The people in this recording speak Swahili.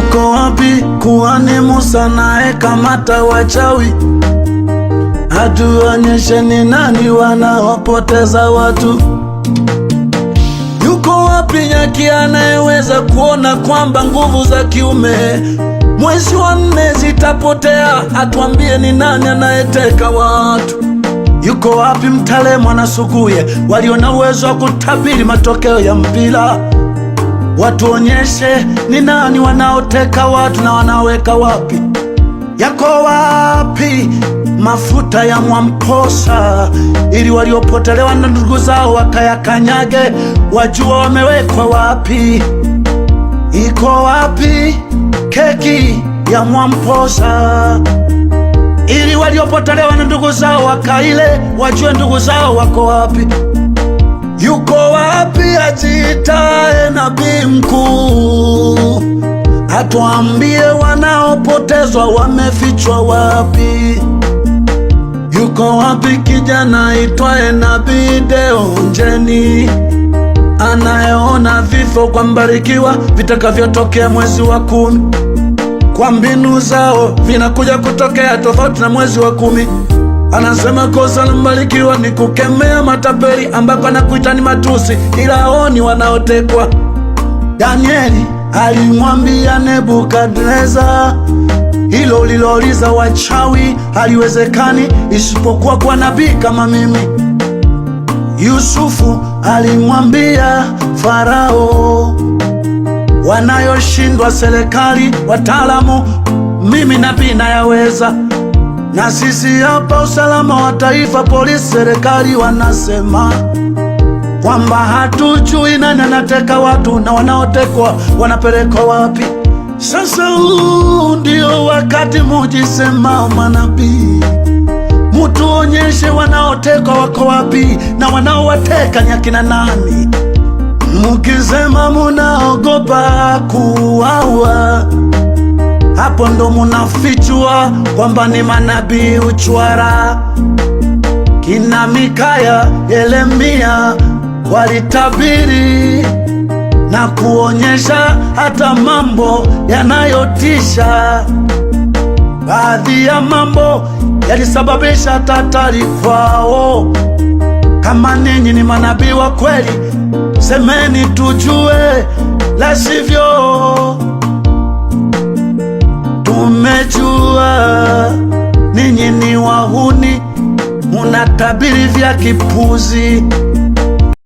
yuko wapi? Kuhani Musa naye kamata wachawi, hatuonyeshe ni nani wanaopoteza watu. Yuko wapi nyaki anayeweza kuona kwamba nguvu za kiume mwezi wa nne zitapotea? Atuambie ni nani anayeteka watu. Yuko wapi mtale mwana suguye, walio na uwezo wa kutabiri matokeo ya mpira? watuonyeshe ni nani wanaoteka watu na wanaweka wapi. Yako wapi mafuta ya Mwamposa ili waliopotelewa na ndugu zao wakayakanyage, wajua wamewekwa wapi? Iko wapi keki ya Mwamposa ili waliopotelewa na ndugu zao wakaile, wajue ndugu zao wako wapi? yuko Katuambie wanaopotezwa wamefichwa wapi? Yuko wapi kijana itwaye Nabii Deonjeni anayeona vifo kwa Mbarikiwa vitakavyotokea mwezi wa kumi? Kwa mbinu zao vinakuja kutokea tofauti na mwezi wa kumi. Anasema kosa la Mbarikiwa ni kukemea matapeli, ambako anakuita ni matusi, ila aoni wanaotekwa. Danieli alimwambia Nebukadneza, hilo liloliza wachawi haliwezekani isipokuwa kwa nabii kama mimi. Yusufu alimwambia Farao, wanayoshindwa serikali, wataalamu, mimi nabii nayaweza. Na sisi hapa usalama wa taifa, polisi, serikali wanasema kwamba hatujui nani anateka watu na wanaotekwa wanapelekwa wapi. Sasa huu ndio wakati mujisema manabii, mutuonyeshe wanaotekwa wako wapi na wanaowateka ni akina nani. Mukisema munaogopa kuwawa, hapo ndo munafichua kwamba ni manabii uchwara, kina Mikaya, Yeremia walitabiri na kuonyesha hata mambo yanayotisha. Baadhi ya mambo yalisababisha hatari kwao. Kama ninyi ni manabii wa kweli, semeni tujue, la sivyo tumejua ninyi ni wahuni, munatabiri vya kipuzi.